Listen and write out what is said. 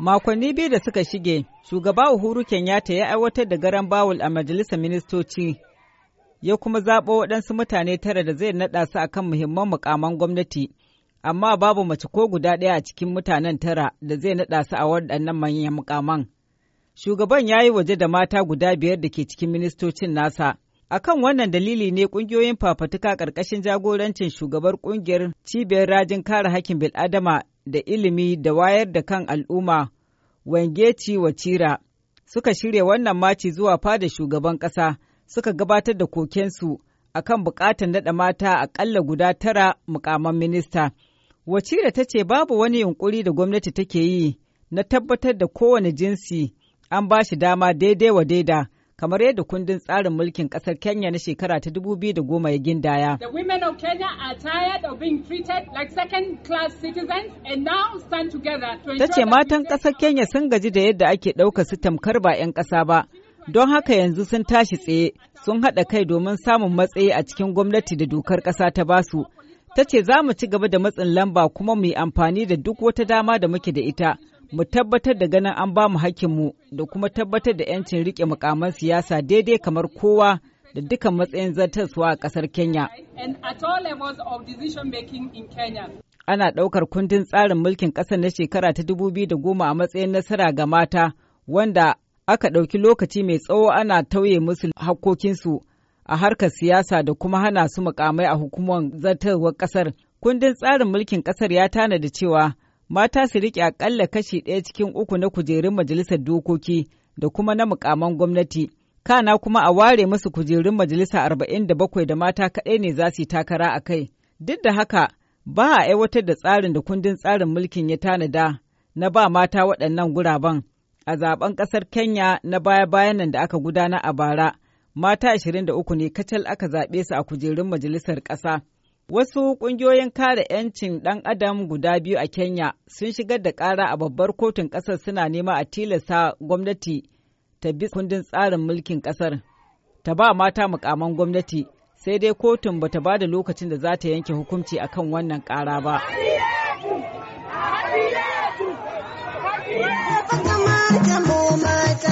Makonni biyu da suka shige, shugaba Uhuru Kenyatta ya aiwatar da garan bawul a majalisar ministoci ya kuma zaɓo waɗansu mutane tara da zai naɗa su akan muhimman mukaman gwamnati, amma babu mace ko guda ɗaya a cikin mutanen tara da zai naɗa su a waɗannan manyan mukaman. Shugaban ya yi waje da mata guda biyar da ke cikin ministocin nasa. Akan wannan dalili ne ƙungiyoyin fafatuka ƙarƙashin jagorancin shugabar ƙungiyar cibiyar rajin kare hakkin bil'adama da ilimi da wayar da kan al'umma Wangeci Wacira suka shirya wannan maci zuwa fada shugaban ƙasa suka gabatar da kokensu a kan buƙatar naɗa mata aƙalla guda tara mukaman minista. Wacira ta ce babu wani yunƙuri da gwamnati take yi na tabbatar da kowane jinsi an ba shi dama daidai wa daida. kamar yadda kundin tsarin mulkin kasar Kenya na shekara ta 2010 ya gindaya. The women of Kenya are tired of second class citizens and now stand together Ta ce matan ƙasar Kenya sun gaji da yadda ake ɗaukar su tamkar ba 'yan ƙasa ba. Don haka yanzu sun tashi tsaye sun haɗa kai domin samun matsayi a cikin gwamnati da dokar ƙasa ta basu. Ta ce za mu ci gaba da matsin lamba kuma mu yi amfani da duk wata dama da muke da ita. mu tabbatar da ganin an ba mu hakkinmu da kuma tabbatar da 'yancin rike mukaman siyasa daidai kamar kowa da dukkan matsayin zartaswa a ƙasar Kenya. Ana ɗaukar kundin tsarin mulkin ƙasar na shekara ta dubu biyu da goma a matsayin nasara ga mata wanda aka ɗauki lokaci mai tsawo ana tauye musu hakkokinsu a harkar siyasa da kuma hana su mukamai a hukumar zartarwar ƙasar. Kundin tsarin mulkin ƙasar ya tanada cewa mata su riƙe aƙalla kashi ɗaya cikin uku na kujerun majalisar dokoki da kuma na mukaman gwamnati. Kana kuma a ware musu kujerun majalisa arba'in da bakwai da mata kaɗai ne za su yi takara a kai. Duk da haka, ba a aiwatar da tsarin da kundin tsarin mulkin ya tanada na ba mata waɗannan guraben. A zaben ƙasar Kenya na baya-bayan nan da aka gudana a bara, mata ashirin da uku ne kacal aka zaɓe su a kujerun majalisar ƙasa. Wasu ƙungiyoyin kare 'yancin ɗan adam guda biyu a Kenya sun shigar da ƙara a babbar kotun ƙasar suna nema a tilasta gwamnati ta bi kundin tsarin mulkin ƙasar. Ta ba mata mukaman gwamnati sai dai kotun ba ta ba da lokacin da za ta yanke hukunci akan wannan ƙara ba. mata